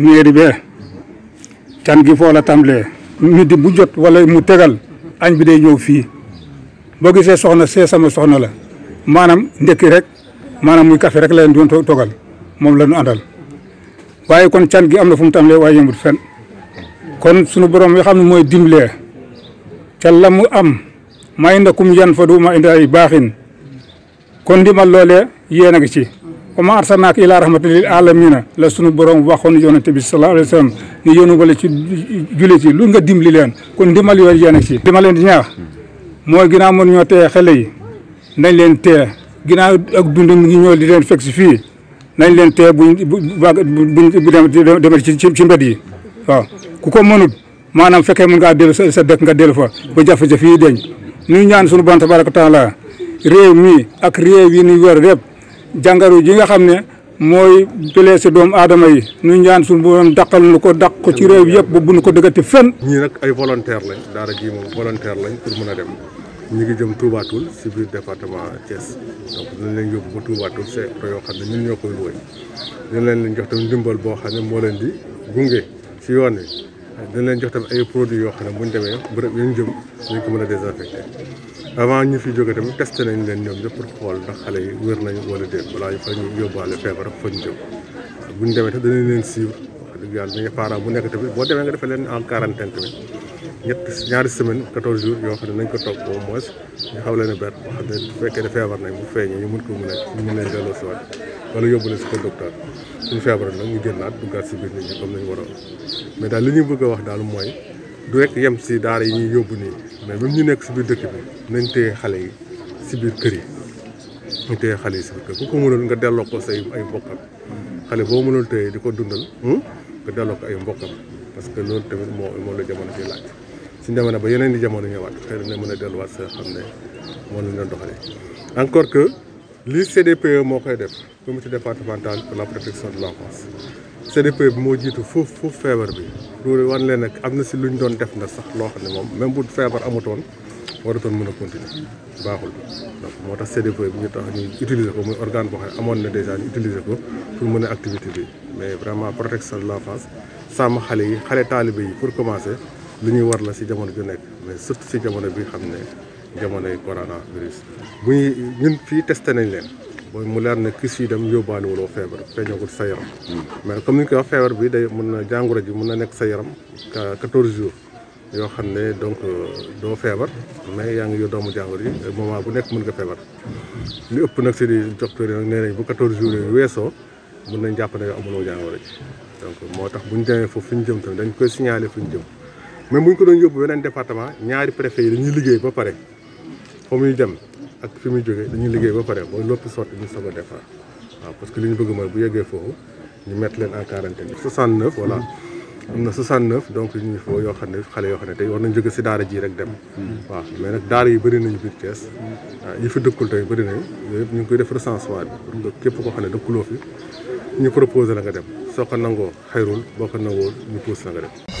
mairie be can gi fo la tàmbalee midi bu jot wala mu tegal añ bi day ñew fi bo gisé soxna sé sama soxna la manam ndek rek manam muy café rek la doon togal mom lañu andal waye kon tan gi amna fu mu tàmbalee waye yëmut fen kon suñu borom yi xamni moy dimlé ca lamu mu am may ndakum yan ma inda ay kon dimal lolé yéna gi ci wa maa arsalnaaka illaa rahmatan lil aalamiina la sunu borom waxoon yonent bi sallallahu alayhi wa sallam ni yónnu wala ci jullit yi lu nga dimbali leen kon ndimbal yooyu yéen a ci dima leen di ñaax mooy ginnaaw mën ñoo teye xale yi leen teye ginnaaw ngi ñëw di leen fekk si fii nañ leen teye buñ buñ ci ci mbedd yi waaw ku ko mënut maanaam fekkee mën ngaa dellu sa sa dëkk nga dellu fa ba jafe-jafe yi deñ ñu ñaan sunu bon tabaaraka taala réew mi ak réew yi ñuy wër yëpp jàngaro ji nga xam ne mooy si doomu aadama yi ñu ñaan suñu borom daqal nu ko daq ko ci réew yëpp ba bu nu ko dëggati fenn. ñii nag ay volontaire lañ daara ji moom volontaire lañ pour mën a dem ñu ngi jëm Touba si biir département Thiès donc dinañ leen yóbbu ba xam ne ñun ñoo koy wóy dinañ leen jox tamit ndimbal boo xam ne moo leen di gunge si yoon wi. dina leen jox tam ay produits yoo xam ne bu ñu demee bërëb yu ñu jëm dañ ko mën a désinfecté avant ñu fi jóge tamit test nañ leen ñoom ñëpp pour xool ndax xale yi wér nañu wala déet balaa ñu fa ñu yóbbaale feebar fa ñu jëm bu ñu demee tamit danañ leen suivre wax dëgg yàlla dañuy parent bu nekk tamit boo demee nga defee leen en quarantaine tamit ñett ñaari semaine 14 jours yoo xam ne nañ ko toog au moins ñu xaw leen a ber boo xam ne bu fekkee ne feebar nañ bu feeñee ñu mën ko mën a ñu mën leen delloo si waat wala yóbbu leen si ko docteur suñu feebaroon nag ñu génnaat duggaat si biir nit ñi comme nañ waroon mais daal li ñu bëgg a wax daal mooy du rek yem si daara yi ñuy yóbbu nii mais même ñu nekk si biir dëkk bi nañ téye xale yi si biir kër yi ñu téye xale yi si biir kër ku ko mënul nga delloo ko say ay mbokkam xale boo mënul téye di ko dundal hmm? nga delloo ko ay mbokkam parce que loolu tamit moo moo la jamono ci laaj suñ demee ba yeneen di jamono ñëwaat xëy na mën a delluwaat sa ne moom lañ doxalee. encore que lii CDPE moo koy def de l' enfance CDPE bi moo jiitu foofu feebar bi loolu wan leen nag am na si luñ doon def na sax loo xam ne moom même bu feebar amutoon warutoon mën a continuer baaxul donc moo tax CDPE bi ñu tax ñu utiliser ko muy organe boo xam ne amoon na déjà ñu utiliser ko pour mën a activité bi mais vraiment protection de l' enfance sàmm xale yi xale taalibe yi pour commencer. lu ñuy war la si jamono ju nekk mais surtout si jamono bi xam ne jamonoy coronavirus bu ñuy ñun fii teste nañ leen booy mu leer ne kis yi dem yóbbaale wuloo feebar feeñagul sa yaram mais comme ni ñu koy wax feebar bi day mën na jàngoro ji mën na nekk sa yaram quatorze jours yoo xam ne donc euh, doo feebar mais yaa ngi yor doomu jàngoro yi euh, moment bu nekk mën nga feebar li ëpp nag si di docteur yi nee nañ bu quatorze jours yooyu weesoo mën nañ jàpp ne amuloo jàngoro ji donc moo tax bu ñu demee foofu fi ñu jëm tamit dañ koy signaler fu ñu jëm mais bu ko doon yóbbu beneen département ñaari préfet yi dañuy liggéey ba pare fa muy dem ak fi muy jógee dañuy liggéey ba pare mooy lépp sotti ñu soog defar waaw que li ñu bëgg mooy bu yeggee foofu ñu mettre leen en na 69 donc ñu ngi yoo xam ne xale yoo xam ne tey war nañ jóge si daara ji rek dem. waaw mais nag daara yi bëri nañu biir Thiès fi dëkkul tamit bëri nañu yooyu ñu ngi koy def recensement bi képp koo xam ne dëkkuloo fi ñu proposé la nga dem soo ko nangoo xayrul boo ko nangoo ñu pousse la nga dem.